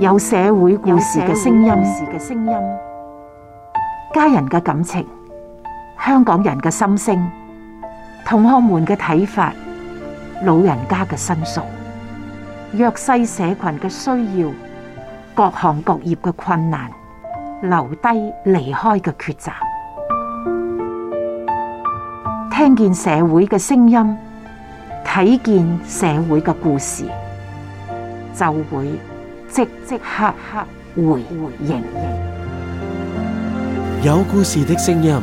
有社會故事嘅聲音，家人嘅感情，香港人嘅心聲，同學們嘅睇法，老人家嘅申訴，弱勢社群嘅需要，各行各業嘅困難，留低離開嘅抉擇，聽見社會嘅聲音，睇見社會嘅故事，就會。即即刻刻回回應，有故事的聲音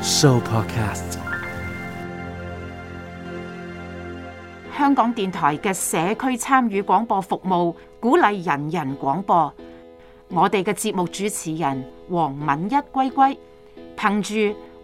，So Podcast，香港電台嘅社區參與廣播服務，鼓勵人人廣播。我哋嘅節目主持人黃敏一歸歸，憑住。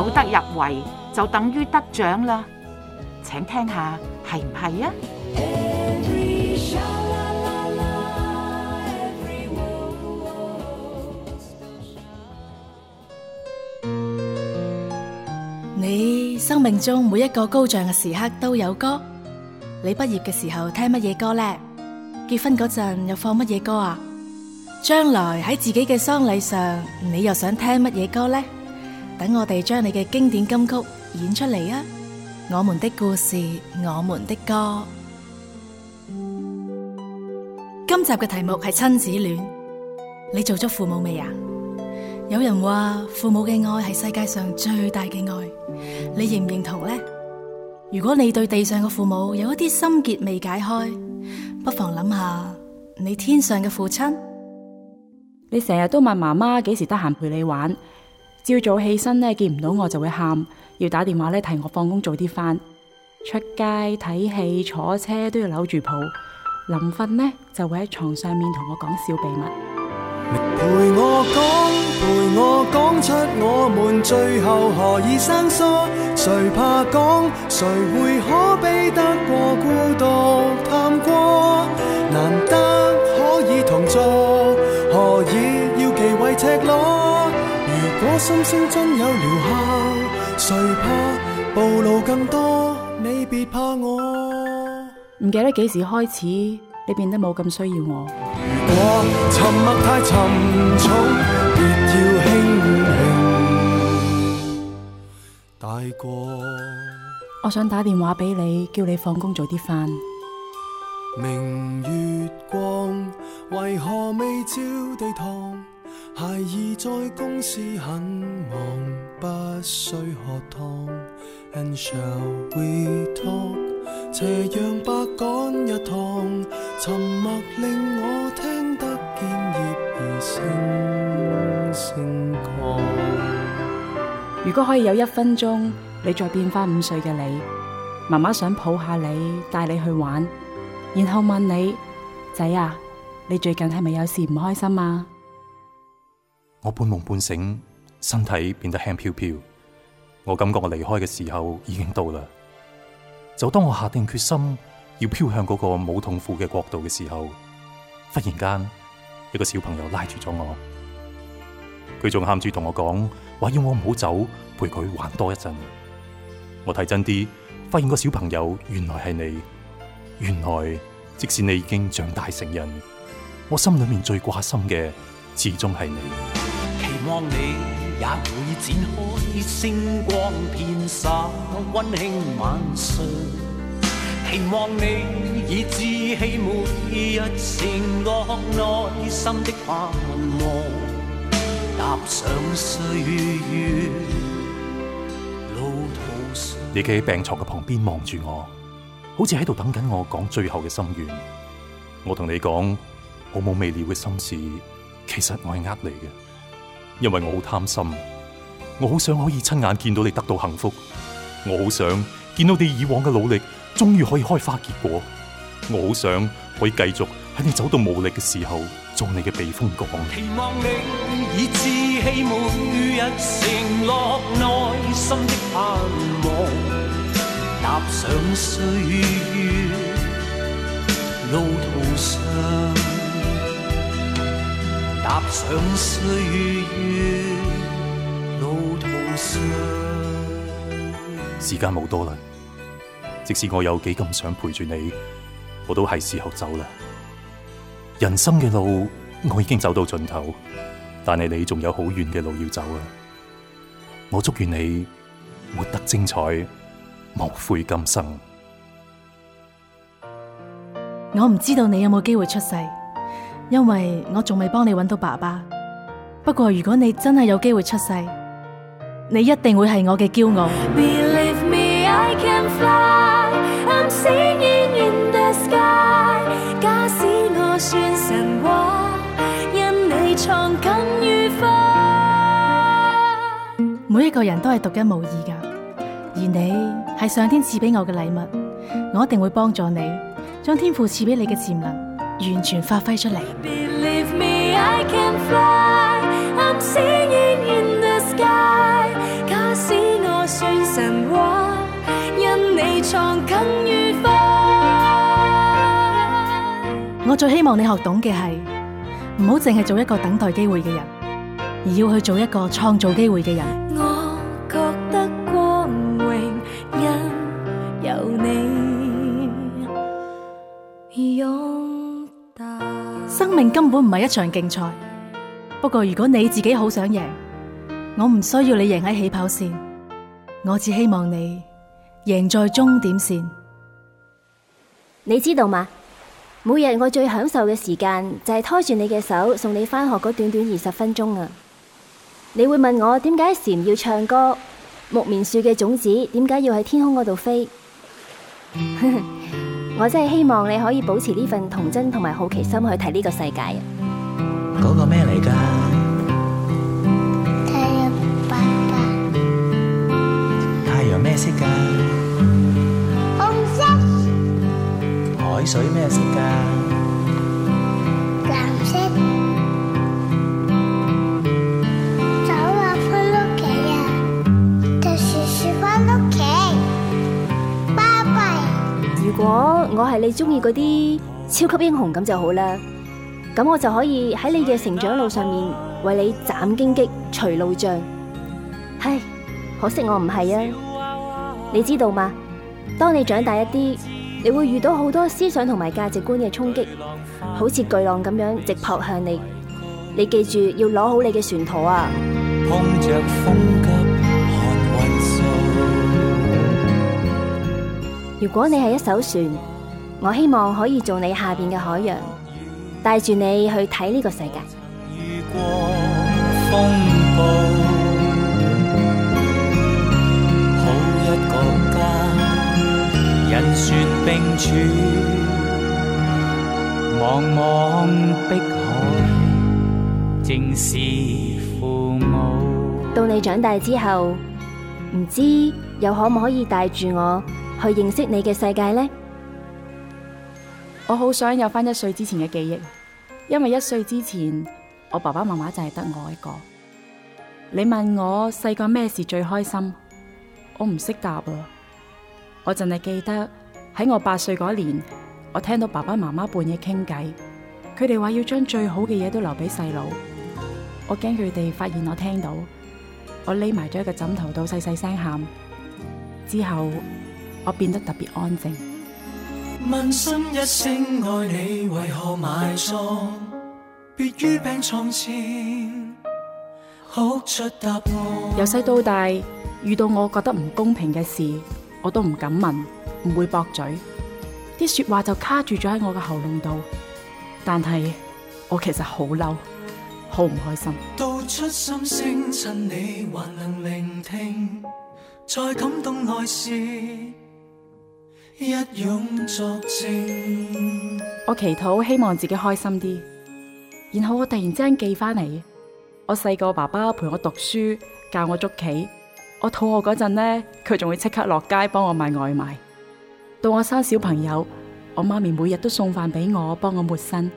有得入圍就等於得獎啦！請聽下係唔係啊？你生命中每一個高漲嘅時刻都有歌。你畢業嘅時候聽乜嘢歌呢？結婚嗰陣又放乜嘢歌啊？將來喺自己嘅喪禮上，你又想聽乜嘢歌呢？等我哋將你嘅經典金曲演出嚟啊！我們的故事，我們的歌。今集嘅題目係親子戀。你做咗父母未啊？有人話父母嘅愛係世界上最大嘅愛，你認唔認同呢？如果你對地上嘅父母有一啲心結未解開，不妨諗下你天上嘅父親。你成日都問媽媽幾時得閒陪你玩？朝早起身呢見唔到我就會喊，要打電話咧提我放工早啲翻。出街睇戲、坐車都要扭住抱。臨瞓呢，就會喺床上面同我講笑秘密。我心聲真有療效，誰怕？暴露更多，你別怕我。唔記得幾時開始，你變得冇咁需要我。如果沉默太沉重，別要輕輕帶過。我想打電話俾你，叫你放工早啲返。明月光，為何未照地堂？孩兒在公司很忙，不需喝湯。And shall we talk？斜陽白趕一趟，沉默令我聽得見葉兒聲聲降。如果可以有一分鐘，你再變翻五歲嘅你，媽媽想抱下你，帶你去玩，然後問你：仔啊，你最近係咪有事唔開心啊？我半夢半醒，身體變得輕飄飄。我感覺我離開嘅時候已經到了。就當我下定決心要飄向嗰個冇痛苦嘅國度嘅時候，忽然間一個小朋友拉住咗我，佢仲喊住同我講，話要我唔好走，陪佢玩多一陣。我睇真啲，發現個小朋友原來係你。原來即使你已經長大成人，我心裏面最掛心嘅始終係你。你企喺病床嘅旁邊望住我，好似喺度等緊我講最後嘅心願。我同你講，我冇未了嘅心事，其實我係呃你嘅。因為我好貪心，我好想可以親眼見到你得到幸福，我好想見到你以往嘅努力終於可以開花結果，我好想可以繼續喺你走到無力嘅時候，做你嘅避風港。期望你以志氣滿於日，承諾內心的盼望，踏上歲月路途上。踏上歲月路途上，時間冇多啦。即使我有幾咁想陪住你，我都係時候走啦。人生嘅路我已經走到盡頭，但係你仲有好遠嘅路要走啊！我祝願你活得精彩，莫悔今生。我唔知道你有冇機會出世。因為我仲未幫你揾到爸爸，不過如果你真係有機會出世，你一定會係我嘅驕傲。Believe me, I can fly, I'm singing in the sky. 假使我算神話，因你創錦於花。每一個人都係獨一無二噶，而你係上天賜俾我嘅禮物，我一定會幫助你，將天賦賜俾你嘅潛能。完全發揮出嚟。Believe me, I can fly. I'm singing in the sky。假使我算神話，因你創更愉快。我最希望你學懂嘅係，唔好淨係做一個等待機會嘅人，而要去做一個創造機會嘅人。根本唔係一場競賽。不過如果你自己好想贏，我唔需要你贏喺起跑線，我只希望你贏在終點線。你知道嗎？每日我最享受嘅時間就係拖住你嘅手送你返學嗰短短二十分鐘啊！你會問我點解蟬要唱歌，木棉樹嘅種子點解要喺天空嗰度飛？我真係希望你可以保持呢份童真同埋好奇心去睇呢個世界。嗰個咩嚟㗎？太陽，爸爸。太陽咩色㗎？紅色。海水咩色㗎？藍色。係你中意嗰啲超級英雄咁就好啦，咁我就可以喺你嘅成長路上面為你斬荊棘、除路障。唉，可惜我唔係啊！你知道嗎？當你長大一啲，你會遇到好多思想同埋價值觀嘅衝擊，好似巨浪咁樣直撲向你。你記住要攞好你嘅船舵啊！風風如果你係一艘船。我希望可以做你下邊嘅海洋，帶住你去睇呢個世界，曾遇過風暴。好一個家，人船並處，茫茫碧海，正是父母。到你長大之後，唔知又可唔可以帶住我去認識你嘅世界呢？我好想有翻一歲之前嘅記憶，因為一歲之前我爸爸媽媽就係得我一個。你問我細個咩事最開心？我唔識答啊。我淨係記得喺我八歲嗰年，我聽到爸爸媽媽半夜傾偈，佢哋話要將最好嘅嘢都留俾細佬。我驚佢哋發現我聽到，我匿埋咗一個枕頭度細細聲喊。之後我變得特別安靜。問心一聲愛你為何埋葬別於病床前哭出答案。由細到大遇到我覺得唔公平嘅事我都唔敢問，唔會駁嘴，啲說話就卡住咗喺我嘅喉嚨度，但係我其實好嬲好唔開心。道出心聲趁你還能聆聽再感動來事。一勇作證，我祈禱，希望自己開心啲，然後我突然之間寄翻嚟。我細個爸爸陪我讀書，教我捉棋。我肚餓嗰陣呢，佢仲會即刻落街幫我買外賣。到我生小朋友，我媽咪每日都送飯俾我，幫我抹身。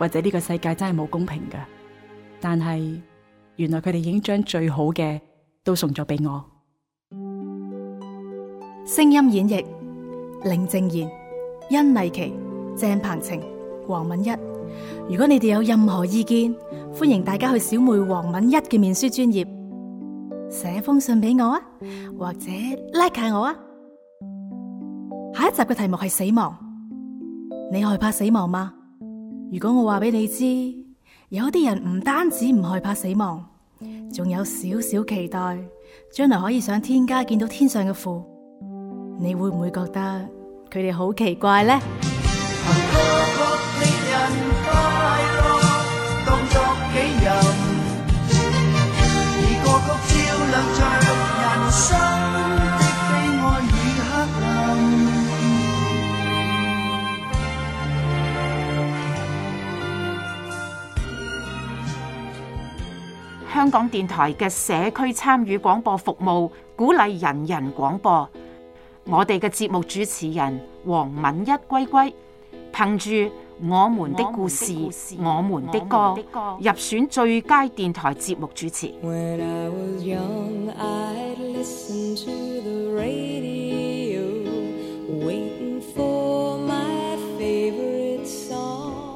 或者呢個世界真係冇公平噶，但係原來佢哋已經將最好嘅都送咗俾我。聲音演繹。林靜賢、殷麗琪、鄭鵬程、黃敏一，如果你哋有任何意見，歡迎大家去小妹黃敏一嘅面書專頁寫封信俾我啊，或者 like 下我啊。下一集嘅題目係死亡，你害怕死亡嗎？如果我話俾你知，有啲人唔單止唔害怕死亡，仲有少少期待將來可以上天家見到天上嘅父，你會唔會覺得？佢哋好奇怪咧！香港電台嘅社區參與廣播服務，鼓勵人人廣播。我哋嘅節目主持人黃敏一歸歸，憑住我們的故事、我們的歌，入選最佳電台節目主持。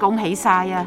恭喜晒啊！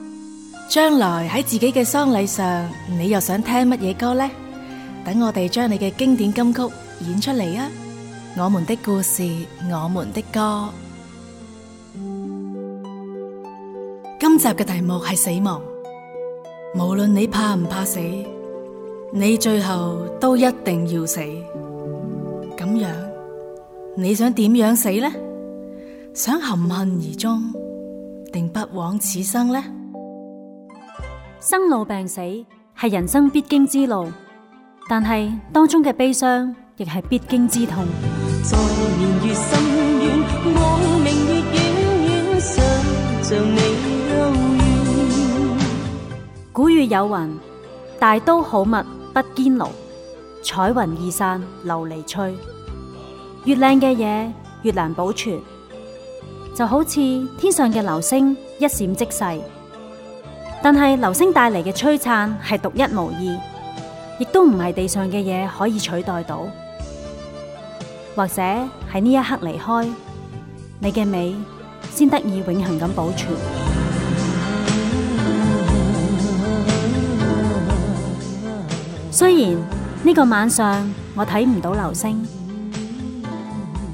將來喺自己嘅喪禮上，你又想聽乜嘢歌呢？等我哋將你嘅經典金曲演出嚟啊！我們的故事，我們的歌。今集嘅題目係死亡。無論你怕唔怕死，你最後都一定要死。咁樣，你想點樣死呢？想含恨而終，定不枉此生呢？生老病死係人生必經之路，但係當中嘅悲傷亦係必經之痛。明你遠古語有云：大都好物不堅牢，彩雲易散琉璃脆。越靚嘅嘢越難保存，就好似天上嘅流星一閃即逝。但係流星帶嚟嘅璀璨係獨一無二，亦都唔係地上嘅嘢，可以取代到。或者喺呢一刻離開，你嘅美先得以永恒咁保存。雖然呢個晚上我睇唔到流星，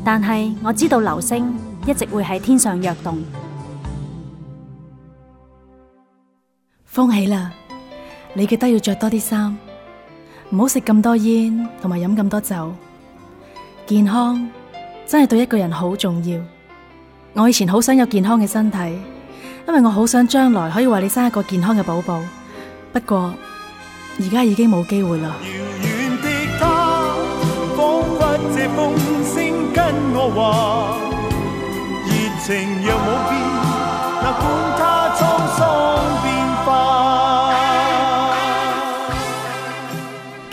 但係我知道流星一直會喺天上躍動。恭喜啦，你記得要着多啲衫，唔好食咁多煙同埋飲咁多酒，健康真係對一個人好重要。我以前好想有健康嘅身體，因為我好想將來可以為你生一個健康嘅寶寶。不過而家已經冇機會啦。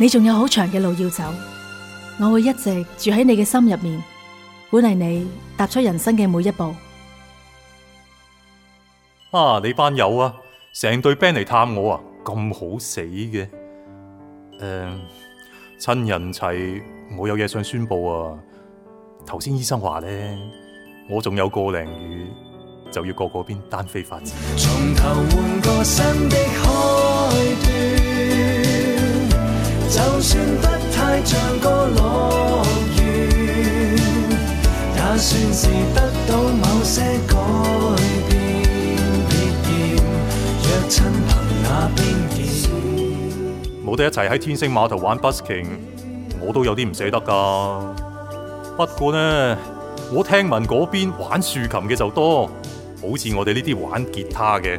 你仲有好長嘅路要走，我會一直住喺你嘅心入面，鼓勵你踏出人生嘅每一步。啊！你班友啊，成對 band 嚟探我啊，咁好死嘅。誒、嗯，趁人齊，我有嘢想宣布啊。頭先醫生話咧，我仲有個零月就要過嗰邊單飛發展。冇得一齊喺天星碼頭玩 busking，我都有啲唔捨得㗎。不過呢，我聽聞嗰邊玩豎琴嘅就多，好似我哋呢啲玩吉他嘅。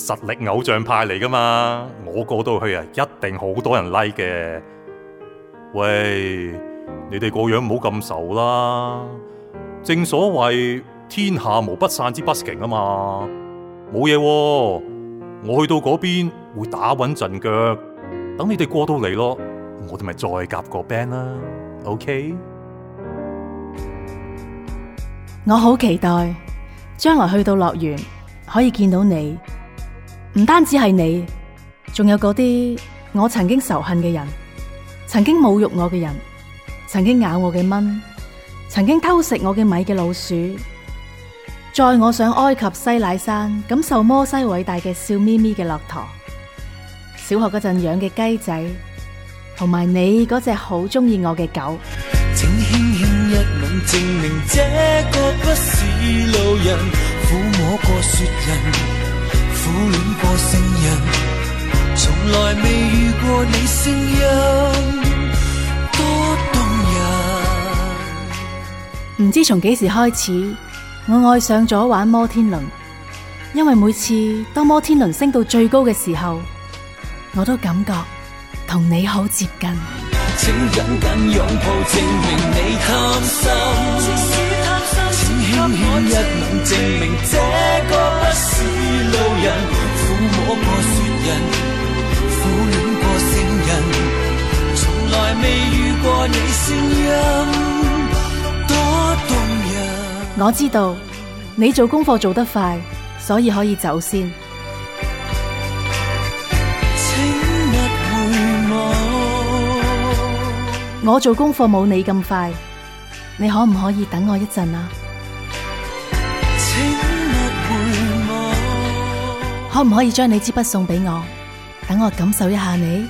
實力偶像派嚟噶嘛？我過到去啊，一定好多人 like 嘅。喂，你哋個樣唔好咁愁啦。正所謂天下無不散之筵席啊嘛，冇嘢啊。我去到嗰邊會打穩陣腳，等你哋過到嚟咯，我哋咪再夾個 band 啦。OK，我好期待將來去到樂園可以見到你。唔單止係你，仲有嗰啲我曾經仇恨嘅人，曾經侮辱我嘅人，曾經咬我嘅蚊，曾經偷食我嘅米嘅老鼠。載我上埃及西乃山感受摩西偉大嘅笑眯眯嘅駱駝，小學嗰陣養嘅雞仔，同埋你嗰隻好中意我嘅狗。請輕輕一吻，證明這個不是路人，撫摸過雪人。遇過你聲音多動人，唔知從幾時開始，我愛上咗玩摩天輪，因為每次當摩天輪升到最高嘅時候，我都感覺同你好接近。我知道你做功課做得快，所以可以走先。請日我做功課冇你咁快，你可唔可以等我一陣啊？可唔可以將你支筆送俾我？等我感受一下你。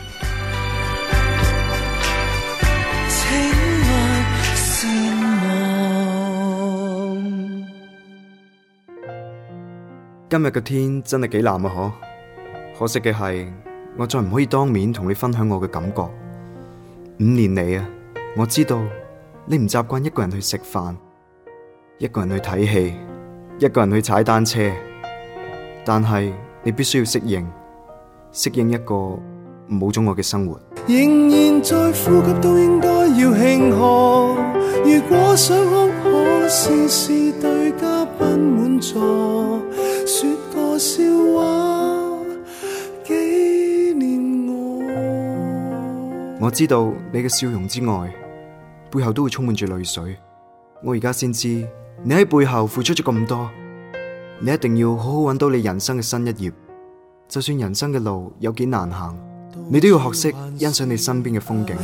今日嘅天真係幾冷啊！可可惜嘅係，我再唔可以當面同你分享我嘅感覺。五年嚟啊，我知道你唔習慣一個人去食飯，一個人去睇戲，一個人去踩單車，但係，你必須要適應，適應一個冇咗我嘅生活。仍然在呼吸都應該要慶賀，如果想哭，可試試對嘉賓滿座說個笑話紀念我。我知道你嘅笑容之外，背後都會充滿住淚水。我而家先知你喺背後付出咗咁多。你一定要好好揾到你人生嘅新一頁，就算人生嘅路有幾難行，你都要學識欣賞你身邊嘅風景。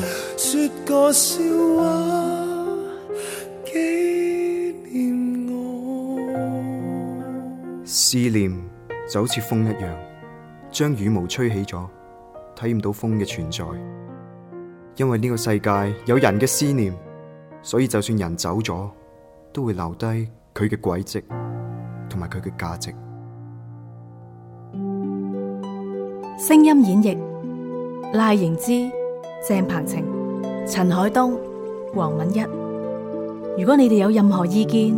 思念就好似風一樣，將羽毛吹起咗，睇唔到風嘅存在。因為呢個世界有人嘅思念，所以就算人走咗，都會留低佢嘅軌跡。同埋佢嘅價值。聲音演繹賴盈之、鄭彭晴、陳海東、黃敏一。如果你哋有任何意見，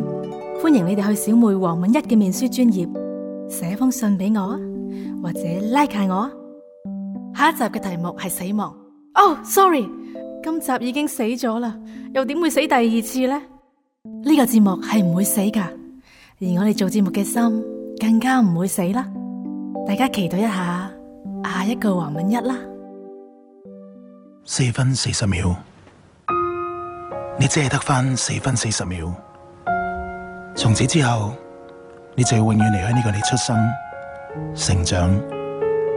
歡迎你哋去小妹黃敏一嘅面書專頁寫封信俾我啊，或者 like 下我啊。下一集嘅題目係死亡。哦，sorry，今集已經死咗啦，又點會死第二次咧？呢個節目係唔會死噶。而我哋做節目嘅心更加唔會死啦！大家期待一下，下一個黃敏一啦。四分四十秒，你只係得翻四分四十秒。從此之後，你就要永遠離開呢個你出生、成長、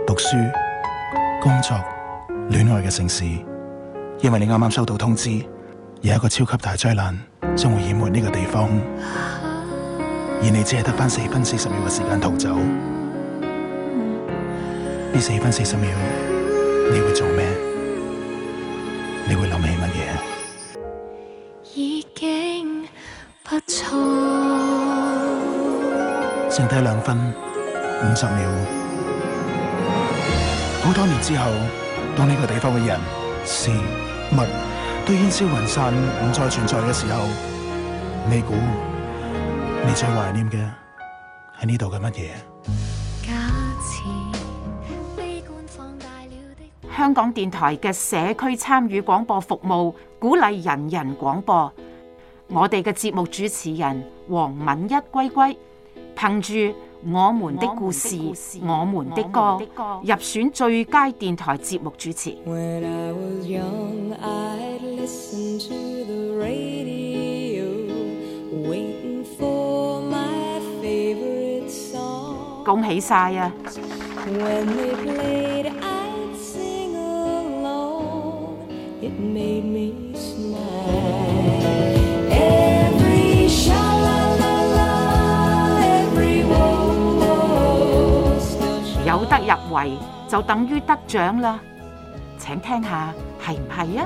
讀書、工作、戀愛嘅城市，因為你啱啱收到通知，有一個超級大災難將會掩沒呢個地方。而你只係得翻四分四十秒嘅時間逃走，呢四分四十秒你會做咩？你會諗起乜嘢？已經不錯。剩低兩分五十秒，好多年之後，當呢個地方嘅人、事、物都煙消雲散，唔再存在嘅時候，你估？你最懷念嘅喺呢度嘅乜嘢？香港電台嘅社區參與廣播服務鼓勵人人廣播。我哋嘅節目主持人黃敏一歸歸，憑住我們的故事、我們，故事我們的歌，們的歌入選最佳電台節目主持。恭喜晒啊！有得入圍就等於得獎啦！請聽下係唔係啊？